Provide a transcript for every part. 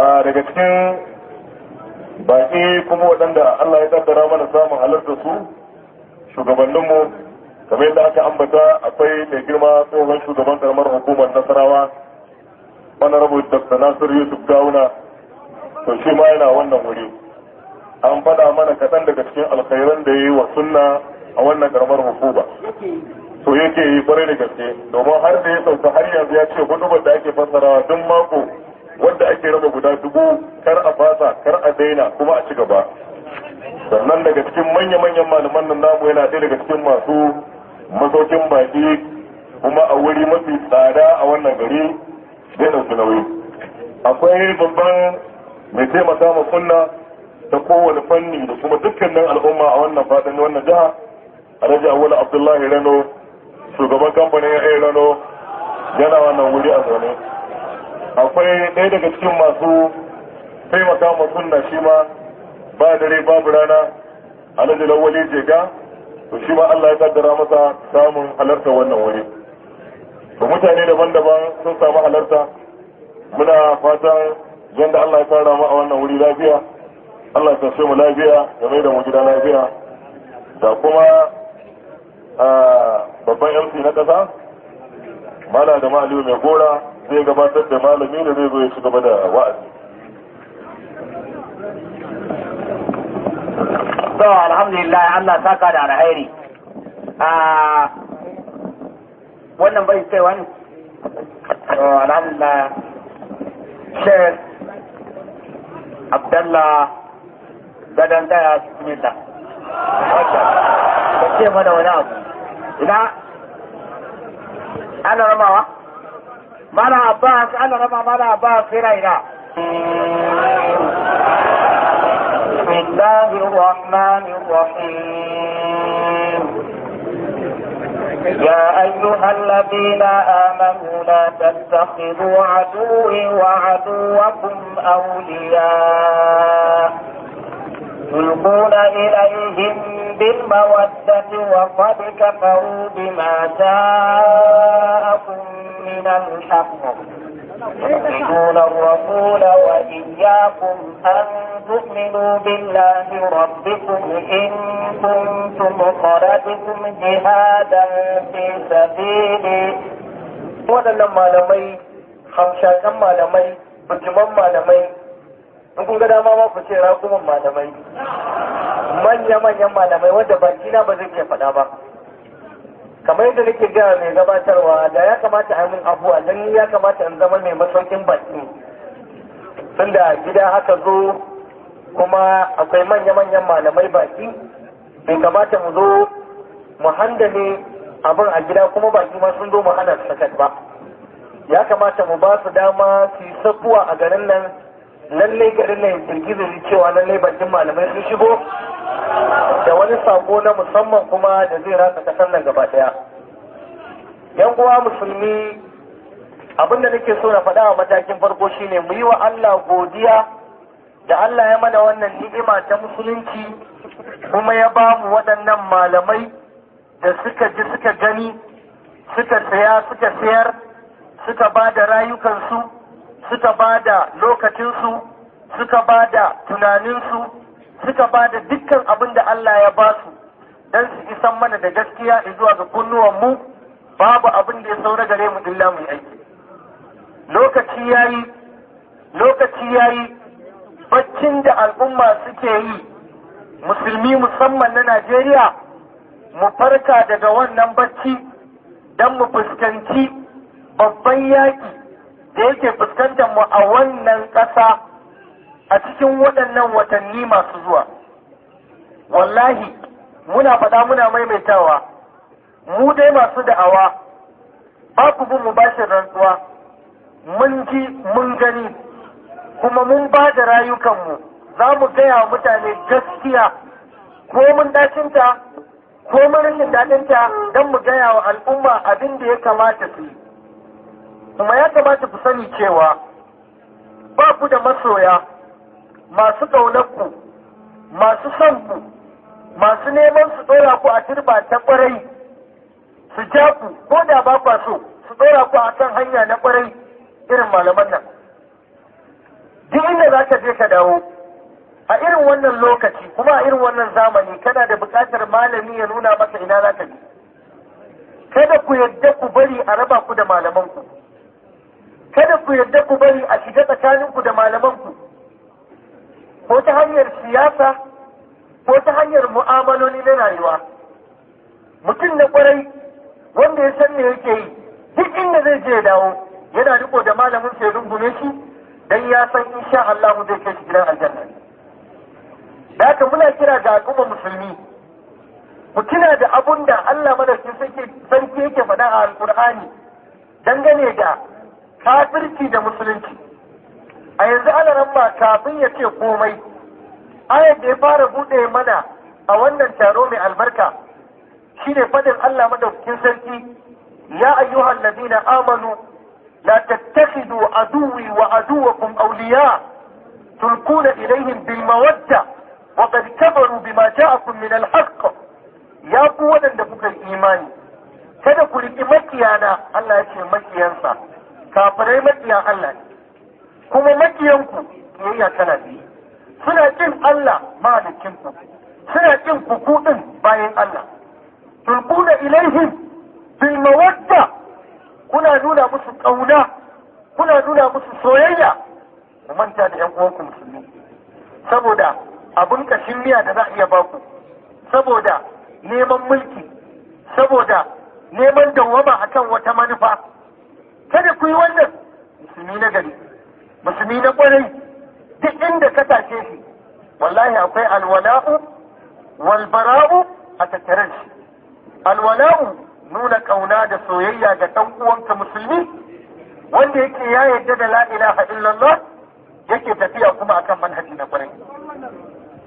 A daga cikin baƙi kuma waɗanda Allah ya tattara mana samun halarta su shugabanninmu kamar yadda aka ambata akwai mai girma tsohon shugaban karamar hukumar nasarawa rabu dr nasir yusuf gawuna to shi ma yana wannan wuri an faɗa mana kaɗan daga cikin alkhairan da ya yi wa sunna a wannan karamar hukuma so yake yi kwarai da gaske domin har da ya sauka har yanzu ya ce hudubar da ake fassarawa duk mako wanda ake raba guda dubu kar a fasa kar a daina kuma a ci gaba sannan daga cikin manya-manyan malaman nan namu yana ɗaya daga cikin masu masaukin baki kuma a wuri mafi tsada a wannan gari zai ɗauki nauyi akwai babban mai taimaka ma kunna ta kowane fanni da kuma dukkanin al'umma a wannan faɗin wannan jiha alhaji wani abdullahi rano shugaban kamfanin ya rano yana wannan wuri a zaune akwai ɗaya daga cikin masu taimaka ma sunna shi ma ba dare babu rana alhaji lawali jega to shi ma Allah ya kaddara masa samun halarta wannan wuri to mutane daban-daban sun samu halarta muna fatan yadda Allah ya kara mu a wannan wuri lafiya Allah ya tashe mu lafiya ya mai da mu gida lafiya da kuma ah, babban MC na ƙasa mala da ma'aliyu mai gora zai gabatar da malami zai zo ya ci gaba da wa'azi to alhamdulillah Allah saka da alheri ah, wannan bai sai wani to alhamdulillah Sheikh gadon daya ka ce mana wani abu ina ana ramawa مالا عباس انا raba مالا عباس في ليلة بسم الله الرحمن الرحيم يا أيها الذين آمنوا لا تتخذوا عدوي وعدوكم أولياء تلقون إليهم بالمودة وقد كفروا بما جاءكم من الحق يؤمنون الرسول وإياكم أن تؤمنوا بالله ربكم إن كنتم خرجتم جهادا في سبيلي waɗannan malamai hamshakan malamai bujiman malamai in kun ga dama ma ku ce rakuman malamai manya-manyan malamai wanda baki na ba zai iya faɗa ba kamar yadda nake gaya mai gabatarwa da ya kamata a min abuwa don ya kamata in zama mai masaukin baki tunda gida haka zo kuma akwai manya-manyan malamai baki bai kamata mu zo mu handame abin a gida kuma baki ma sun zo mu hana sakat ba ya kamata mu ba su dama su yi sabuwa a garin nan lallai garin nan girgizar cewa lallai bakin malamai sun shigo da wani sako na musamman kuma da zai rasa kasar nan gaba daya yan uwa musulmi abinda nake so na faɗa a matakin farko shine mu yi wa Allah godiya da Allah ya mana wannan ni'ima ta musulunci kuma ya ba mu waɗannan malamai da suka ji suka gani suka saya suka sayar suka ba da rayukansu suka ba da lokacinsu suka ba da tunaninsu suka ba da dukkan abin da Allah ya ba su don su isa mana da gaskiya in zuwa ga kunnuwanmu babu abin da ya saura gare mu illa mu aiki lokaci yayi lokaci yayi baccin da al'umma suke yi musulmi musamman na Najeriya mu farka daga wannan bacci don mu fuskanci babban yaƙi da yake fuskantar mu a wannan ƙasa a cikin waɗannan watanni masu zuwa wallahi muna faɗa muna maimaitawa mu dai masu da'awa babu bin mu bashin rantsuwa mun ji mun gani kuma mun ba da rayukanmu za mu gaya mutane gaskiya ko mun dacinta ko mun rashin daɗinta don mu gaya wa al'umma abin da ya kamata su yi kuma ya kamata ku sani cewa ba ku da masoya masu ƙaunarku masu son masu neman su ɗora ku a turba ta ƙwarai su ja ku ko da ba kwa so su ɗora ku a kan hanya na ƙwarai irin malaman nan duk inda za ka je ka dawo a irin wannan lokaci kuma a irin wannan zamani kana da buƙatar malami ya nuna maka ina za ka je kada ku yadda ku bari a raba ku da malamanku kada ku yadda ku bari a shiga tsakaninku da malamanku ko ta hanyar siyasa ko ta hanyar mu'amaloli na rayuwa mutum na kwarai wanda ya san me yake yi duk inda zai je dawo yana riko da malamin sai rungume shi dan ya san insha Allah zai kai shi gidan aljanna da haka muna kira ga al'umma musulmi ku kina da abun da Allah madaukin sarki yake faɗa a alkur'ani dangane da kafirci da musulunci a yanzu alaran ba kafin ya ce komai ayar da ya fara buɗe mana a wannan taro mai albarka shine fadin Allah madaukakin sarki ya ayyuhan ladina amanu la tattakhidu aduwi wa aduwakum awliya tulquna ilayhim bil mawadda wa qad kafaru bima ja'akum min al haqq ya ku wadanda kuka imani kada ku riki makiyana Allah ya ce makiyansa kafirai makiyan Allah ne kuma makiyanku biyayya tana biyu suna ƙin Allah ku suna ƙin kuku din bayan Allah da ilaihim bil mawadda kuna nuna musu kauna kuna nuna musu soyayya ku manta da yan uwanku musulmi saboda abun kashin miya da za a iya baku saboda neman mulki saboda neman dawwama akan wata manufa kada ku yi wannan musulmi na gari musulmi na kwarai duk inda ka tashe shi wallahi akwai alwala'u walbara'u a tattare shi alwala'u nuna kauna da soyayya ga dan uwanka musulmi wanda yake ya yarda da la ilaha illallah yake tafiya kuma akan manhaji na kwarai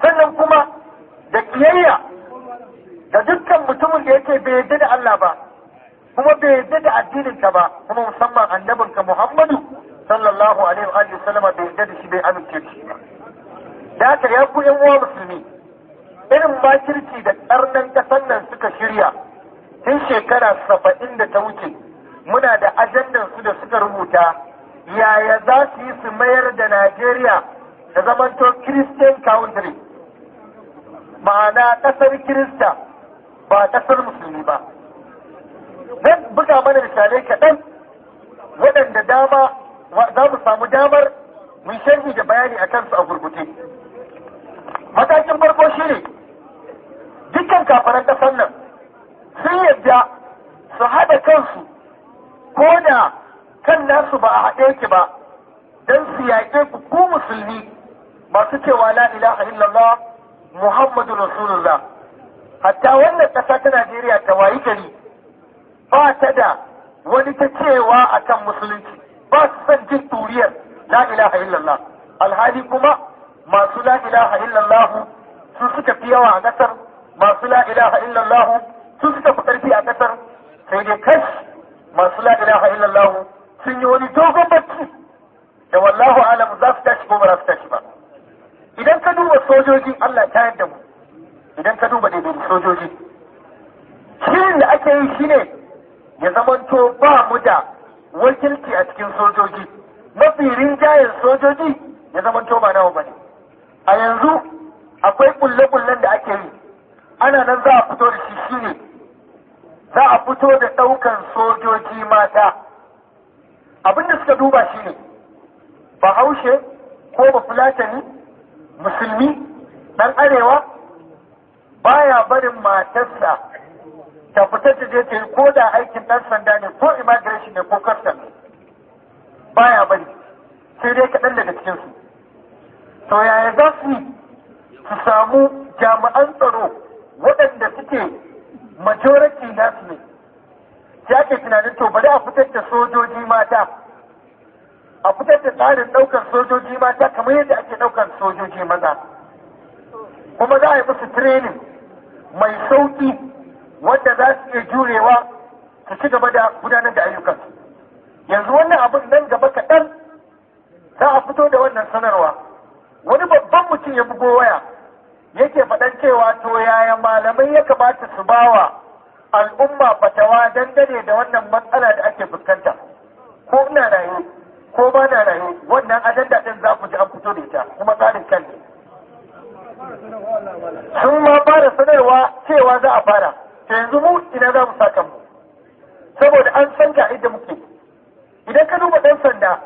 sannan kuma da kiyayya da dukkan mutumin da yake bai yarda da Allah ba kuma bai yarda da addininka ba kuma musamman annabinka Muhammadu sallallahu alaihi wa alihi sallama bai yarda da shi bai amince da shi ba da haka ya ku yan uwa musulmi irin kirki da karnan kasan nan suka shirya tun shekara saba'in da ta wuce muna da ajandan su da suka rubuta yaya za su yi su mayar da najeriya da zamanto christian country ma'ana ƙasar kirista ba kasar musulmi ba zan buga mana misalai kaɗan waɗanda dama za mu samu damar mun sharhi da bayani a kansu a gurguje matakin farko shi ne dukkan kafaran kasar nan sun yadda su haɗa kansu ko da kan nasu ba a haɗe ki ba don su yaƙe ku ku musulmi masu cewa la ilaha illallah muhammadu rasulullah hatta wannan ƙasa ta najeriya ta wayi gari ba ta da wani ta cewa akan musulunci ba su son jin turiyar la ilaha illallah alhali kuma masu la ilaha illallah su suka fi yawa a kasar masu la ilaha illallah su suka fi karfi a kasar sai dai kashi masu la ilaha illallah sun yi wani dogon bacci da wallahu alam za su tashi ko ba za su tashi ba idan ka duba sojoji Allah ta yadda mu idan ka duba daidai sojoji shirin da ake yi shine ya zamanto ba mu da wakilci a cikin sojoji mafi rinjayen sojoji ya zama ba nawa bane a yanzu akwai kulle-kullen da ake yi ana nan za a fito da shi ne. za a fito da ɗaukan sojoji mata abin da suka duba shi shine bahaushe ko bafulatani musulmi ɗan arewa baya barin matarsa tabbatar da zai ko da aikin ɗan sanda ne ko immigration ne ko custom baya bari sai dai kaɗan daga cikinsu to yaya za su su samu jami'an tsaro waɗanda suke majority nasu ne ya ke tunanin to bari a fitar da sojoji mata a fitar da tsarin ɗaukar sojoji mata kamar yadda ake ɗaukar sojoji maza kuma za a yi musu training mai sauƙi wanda za su iya jurewa su ci gaba da gudanar da ayyukan yanzu wannan abin nan gaba kaɗan za a fito da wannan sanarwa wani babban mutum ya bugo waya yake faɗan cewa to yaya malamai ya kamata su bawa al'umma fatawa dangane da wannan matsala da ake fuskanta ko ina rayu ko ba na rayu wannan ajanda ɗin za ku ji an fito da ita kuma tsarin kan ne sun ma fara sanarwa cewa za a fara yanzu mu ina za mu saka mu saboda an san ga idan muke idan ka duba ɗan sanda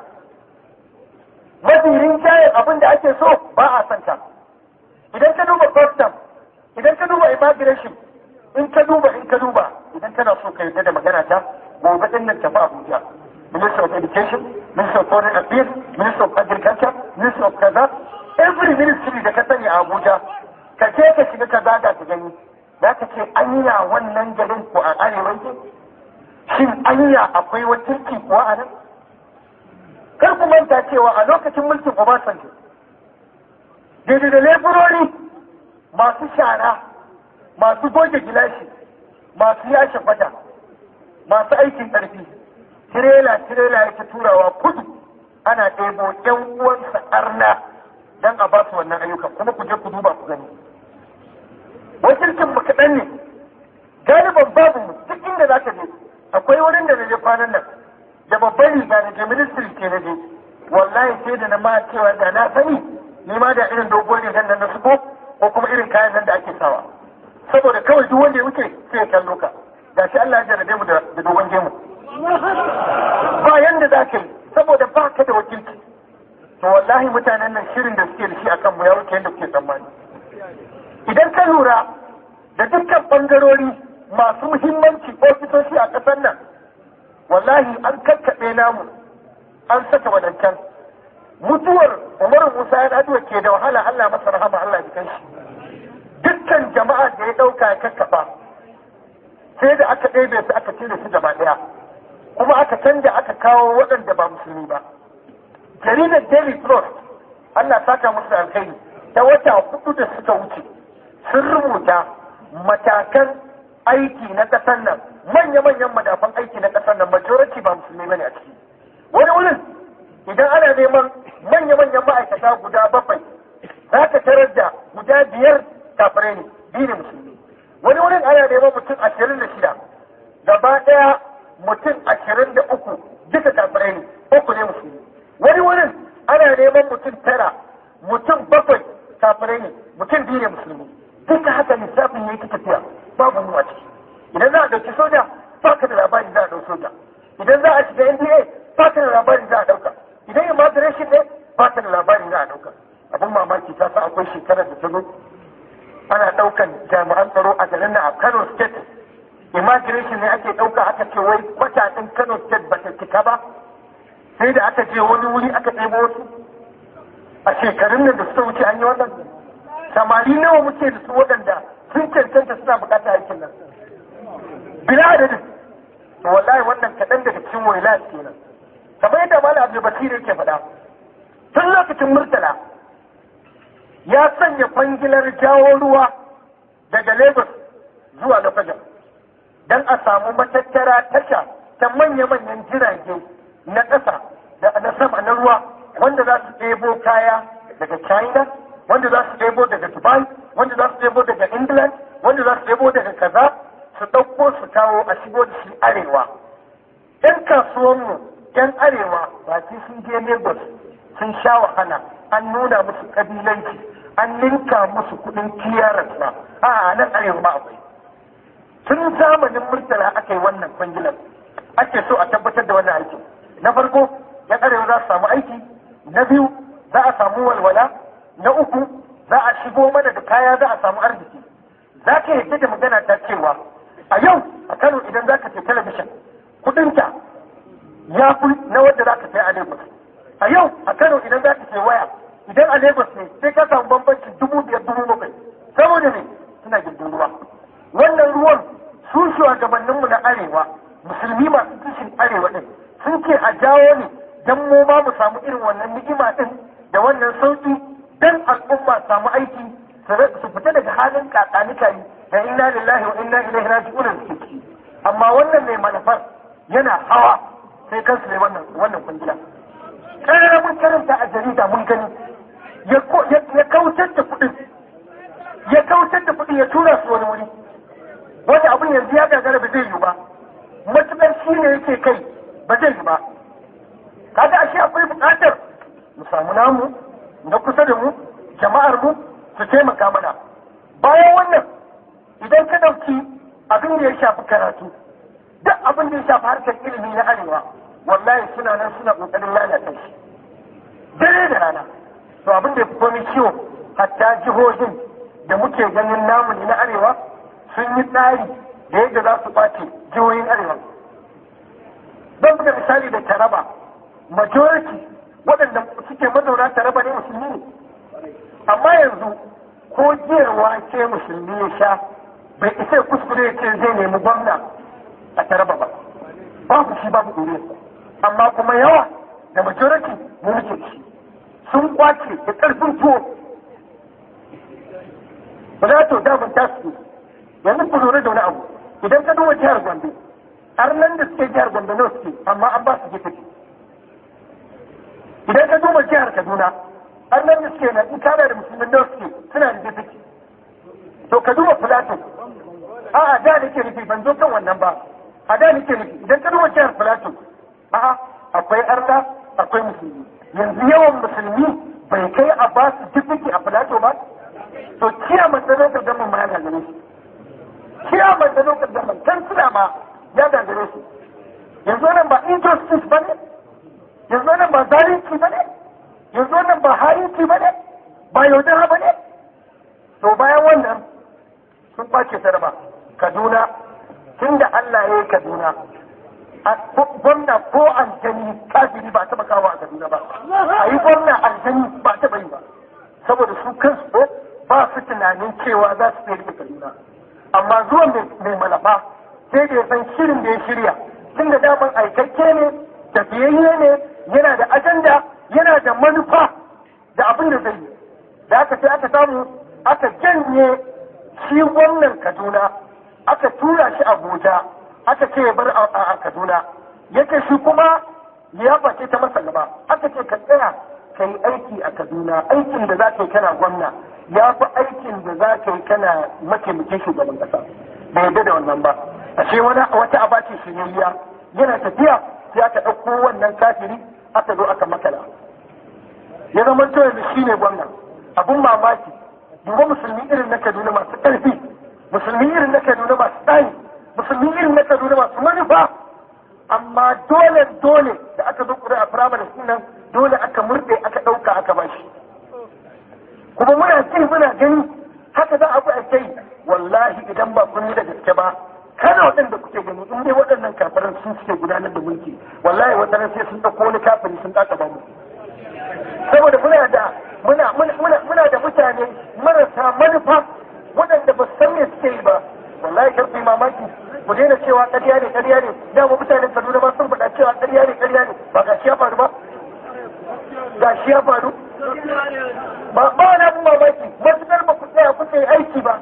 mafi rinjayen abin da ake so ba a san ta idan ka duba custom idan ka duba immigration in ka duba in ka duba idan kana so ka yarda da magana ta gobe din nan tafi Abuja Minister of Education, Minister of Foreign Affairs, Minister of Agriculture, Minister of Kaza, wannan garin ku a arewa ke shin anya akwai wakilci kuwa a nan kar ku manta cewa a lokacin mulkin Obasanjo daidai da leburori masu shara masu goge gilashi masu yashe fata masu aikin ƙarfi tirela tirela yake turawa kudu ana ɗebo yan uwansa arna don a ba su wannan ayyuka kuma ku je ku duba ku gani wakilcin mu kaɗan ne galiban babu mu duk inda za ka je akwai wurin da na je kwanan nan da babban riga na je ministry ke na je wallahi sai da na ma cewa da na sani ni ma da irin dogon rigan nan na shigo ko kuma irin kayan nan da ake sawa saboda kawai duk wanda ya wuce sai ya kallo ka shi Allah ya jarabe mu da dogon gemu ba yanda za ka yi saboda ba ka da wakilci to wallahi mutanen nan shirin da suke da shi akan mu ya wuce yadda kuke tsammani idan ka lura da dukkan bangarori masu muhimmanci ofisoshi a kasar nan wallahi an kakkaɓe namu an saka wadancan mutuwar umar musa ya daduwa ke da wahala allah masa rahama allah ya shi dukkan jama'a da ya ɗauka ya kakkaɓa sai da aka ɗebe su aka cire su gaba ɗaya kuma aka canza aka kawo waɗanda ba musulmi ba jaridar daily trust allah saka musu alkhairi ta wata hudu da suka wuce sun rubuta matakan aiki na ƙasar nan manya-manyan madafan aiki na ƙasar nan majority ba musulmi bane a ciki wani wurin idan ana neman manya-manyan ma'aikata guda bakwai za ka tarar da guda biyar kafirai ne biyu ne musulmi wani wurin ana neman mutum ashirin da shida gaba ɗaya mutum ashirin da uku duka kafirai ne uku ne musulmi wani wurin ana neman mutum tara mutum bakwai kafirai ne mutum biyu ne musulmi duka haka lissafin ya yi ta tafiya babu yunwa ciki idan za a ɗauki soja ba ka da labari za a ɗauki soja idan za a shiga nda ba ka da labari za a ɗauka idan immigration ne ba ka da labari za a ɗauka abin mamaki ta sa akwai shekarar da ta zo ana ɗaukan jami'an tsaro a garin na a kano state immigration ne ake ɗauka aka ce wai kwata ɗin kano state ba ta cika ba sai da aka je wani wuri aka ɗebo wasu a shekarun nan da suka wuce an yi wannan samari nawa muke da su waɗanda sun cancanta suna bukatar aikin nan bila adadin to wallahi wannan kaɗan daga cikin wilayat kenan kamar yadda malam abdul basir yake faɗa tun lokacin murtala ya sanya kwangilar jawo ruwa daga lagos zuwa lokajan don a samu matattara tasha ta manya-manyan jirage na ƙasa da na sama na ruwa wanda za su ɗebo kaya daga china wanda za su ɗebo daga dubai wanda za su zebo daga England wanda za su zebo daga kaza su ɗauko su kawo a shigo da shi arewa yan mu, yan arewa ba sun je Lagos sun sha wahala an nuna musu kabilanci an ninka musu kuɗin kiyararsa a nan arewa ba akwai tun zamanin murtala aka yi wannan kwangilan, ake so a tabbatar da wannan aikin na farko yan arewa za su samu aiki na biyu za a samu walwala na uku za a shigo mana da kaya za a samu arziki za ka yadda da magana ta cewa a yau a kano idan za ka ce talabishin ta ya fi na wadda za ka sai a lagos a yau a kano idan za ka ce waya idan a lagos ne mutum yanzu ya gagara ba zai yi ba matuƙar shi ne yake kai ba zai yi ba kaga ashe akwai buƙatar mu samu namu na kusa da mu jama'ar mu su taimaka mana bayan wannan idan ka dauki abin da ya shafi karatu duk abin da ya shafi harkar ilimi na arewa wallahi suna nan suna kokarin lalata shi dare da rana to abin da ya fi komi ciwo hatta jihohin da muke ganin namu na arewa sun yi tsari yadda za su kwace jihohin arewa don buga misali da taraba majority waɗanda suke mazauna taraba ne musulmi ne amma yanzu ko jiyarwa ce musulmi ya sha bai isa kuskure ce zai nemi gwamna a taraba ba babu shi babu ɗore amma kuma yawa da majority mu muke shi sun kwace da ƙarfin tuwo ba za ta damar tasiri yanzu ku lura da wani abu idan ka duba jihar Gombe har nan da suke jihar Gombe na suke amma an ba su jifi idan ka duba jihar Kaduna har nan da suke na itara da musulmin na suke suna da jifi to ka duba filato a a da nake nufi ban zo kan wannan ba a da nake nufi idan ka duba jihar filato a akwai arna akwai musulmi yanzu yawan musulmi bai kai a ba su jifi a filato ba to kiyama da zai ga mu ma ya ganin. shi daman da lokacin da mantan suna ma ya gagare su yanzu nan ba injustice ba ne yanzu nan ba zalunci ba ne yanzu nan ba harinci ba ne ba yaudara ba ne to bayan wannan sun kwace sarba kaduna tun da allah ya yi kaduna a gwamna ko aljani kafiri ba taba kawo a kaduna ba a yi gwamna aljani ba taba yi ba saboda su kansu ba su tunanin cewa za su iya rike kaduna amma zuwan mai malafa sai da ya san shirin da ya shirya tun da daman aikakke ne da tafiyayye ne yana da ajanda yana da manufa da abin da zai yi da aka sai aka samu aka janye shi gwamnan kaduna aka tura shi a abuja aka ce ya bar a kaduna yake shi kuma ya face ta masa gaba aka ce ka tsaya ka yi aiki a kaduna aikin da za ka yi kana gwamna ya fi aikin da za ka yi kana mataimakin shugaban kasa bai yarda da wannan ba a ce wata abaci shiryayya yana tafiya sai aka ɗauko wannan kafiri aka zo aka makala ya zama to yanzu shi ne gwamna abun mamaki duba musulmi irin na kaduna masu ƙarfi musulmi irin na kaduna masu tsayi musulmi irin na kaduna masu manufa amma dole dole da aka zo a firamare sunan, dole aka murɗe aka ɗauka aka bashi kuma muna ji muna gani haka za a bi a kai wallahi idan ba kun da gaske ba kada waɗanda kuke gani in dai waɗannan kafiran sun suke gudanar da mulki wallahi wata sai sun ɗauko wani kafiri sun ɗaka ba mu saboda muna da muna muna muna da mutane marasa manufa waɗanda ba san me suke yi ba wallahi kar ku mamaki ku daina cewa ƙarya ne ƙarya ne da mu mutanen Kaduna ba sun faɗa cewa ƙarya ne ƙarya ne ba ga shi ya faru ba ga shi ya faru ba ba na mamaki matukar ba ku tsaya kuka yi aiki ba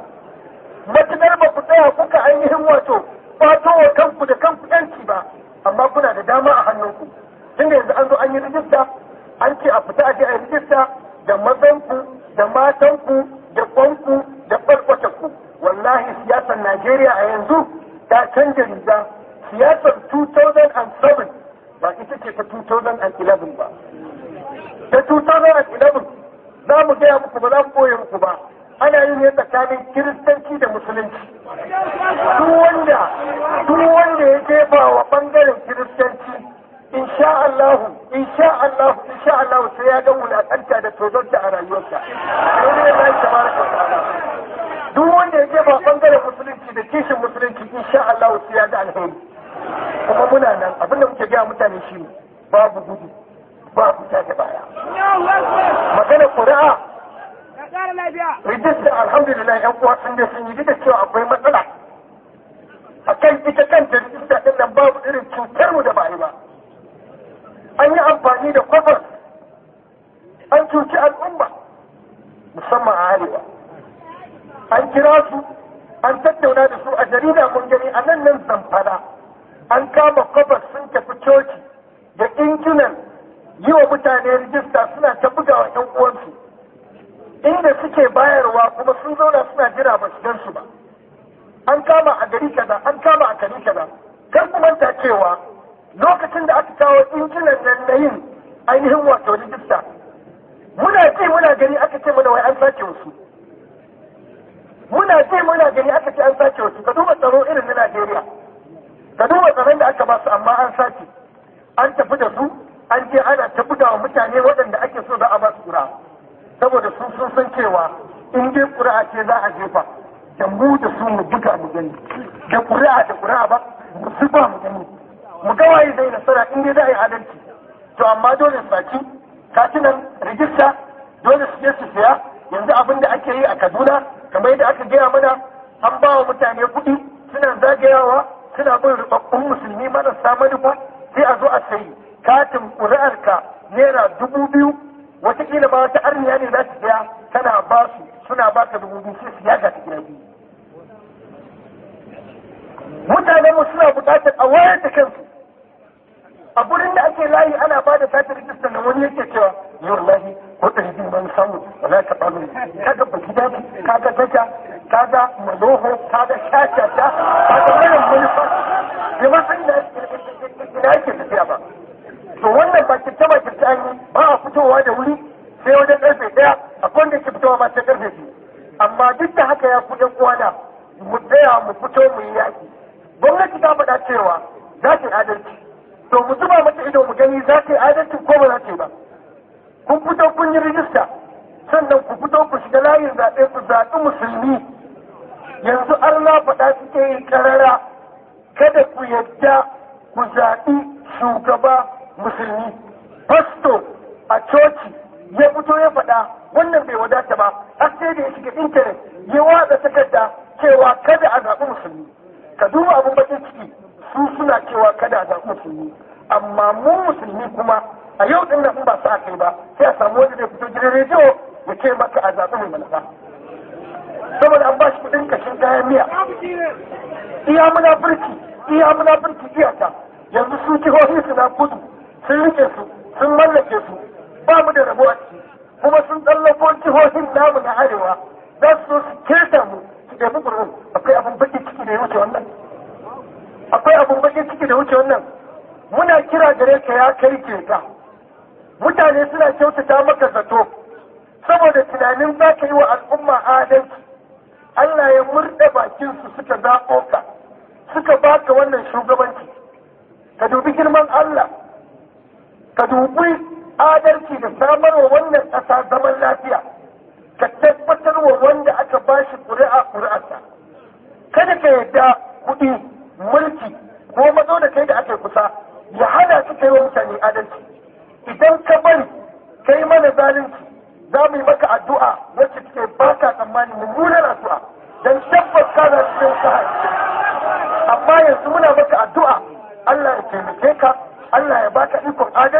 matukar ba ku tsaya kuka ainihin wato fato wa kanku da kanku yanki ba amma kuna da dama a hannunku tunda yanzu an zo an yi rijista an ce a fita a je a yi rijista da mazanku da matanku da kwanku da farkwatanku wallahi siyasar najeriya a yanzu ta canza riga siyasar que alhamdulillah yan uwa sun dai sun yi da cewa akwai matsala a kan ita kan jarida din nan babu irin cutar mu da ba yi ba an yi amfani da kwafar an cuci al'umma musamman a arewa an kira su an tattauna da su a jarida mun gani a nan nan zamfara an kama kwafar sun tafi coci da injinan yi wa mutane rijista suna ta bugawa 'yan uwansu inda suke bayarwa kuma sun zauna suna jira ba su gan su ba an kama a gari kaza an kama a gari kaza kar ku manta cewa lokacin da aka kawo injinan nan na yin ainihin wato rijista muna ji muna gani aka ce mana wai an sake wasu muna ji muna gani aka ce an sake wasu ka duba tsaro irin na Najeriya ka duba tsaron da aka ba su amma an sake an tafi da su an je ana ta da wa mutane waɗanda ake so za a ba su kura saboda sun sun san cewa in dai ƙuri'a ce za a jefa da mu da su mu buga mu gani da ƙuri'a da ƙuri'a ba mu su ba mu gani mu ga waye zai nasara in dai za a yi adalci to amma dole su baki katinan rijista dole su je su siya yanzu abin da ake yi a kaduna kamar yadda aka gaya mana an ba wa mutane kuɗi suna zagayawa suna bin rubabbun musulmi marasa manufa sai a zo a sayi katin ƙuri'arka naira dubu biyu wataƙila ba wata arniya ne za su biya tana ba su suna ba ka dubu biyu sai su yaga ta gina biyu mutanen mu suna buƙatar a wayar da kansu a gurin da ake layi ana ba da sati rijistar da wani yake cewa yau lahi ko ɗari biyu ban samu ba za ka ɓalo kaga baki ka ga gaja ga maloho ka ga shashasha ba kaga wani manufa da ma san da ake tafiya ba to wannan ba kirce ba an yi ba a fitowa da wuri sai wajen karfe daya a wanda ke fitowa ba ta karfe biyu amma duk da haka ya kuɗin da mu tsaya mu fito mu yi yaki gwamnati ta faɗa cewa za ta yi adalci to mu zuba mata ido mu gani za ta adalci ko ba za ta ba kun fito kun yi rijista sannan ku fito ku shiga layin zaɓe ku zaɓi musulmi yanzu Allah faɗa suke yi karara kada ku yadda ku zaɓi shugaba musulmi fasto a coci ya fito ya faɗa wannan bai wadata ba har sai da ya shiga intanet ya watsa takarda cewa kada a zaɓi musulmi ka duba abin bakin ciki su suna cewa kada a zaɓi musulmi amma mu musulmi kuma a yau din nan ba su a kai ba sai a samu wanda zai fito gidan rediyo ya ce maka a zaɓi mai malafa. saboda an ba shi kuɗin kashin kayan miya iya munafurci iya munafurci ta yanzu su jihohi suna gudu sun rike su sun mallake su ba mu da rabo a ciki kuma sun tsallako jihohin namu na arewa za su zo su keta mu su ɗabi ƙurin akwai abin baƙin ciki da ya wuce wannan akwai abin ciki da wuce wannan muna kira gare ka ya kai keta mutane suna kyautata maka zato saboda tunanin za ka yi wa al'umma adalci Allah ya murɗe bakinsu suka zaɓo ka suka baka wannan shugabanci ka dubi girman Allah ka dubi adalci da samar wa wannan ƙasa zaman lafiya ka tabbatar wa wanda aka ba shi ƙuri'a ƙuri'arsa kada ka yarda kuɗi mulki ko mazo da kai da aka kusa ya hana su kai wa mutane adalci idan ka bari kai mana zalunci za mu yi maka addu'a wacce take ba ka tsammani mummunar addu'a don tabbas ka za su kai amma yanzu muna maka addu'a Allah ya taimake ka Allah ya baka ikon adalci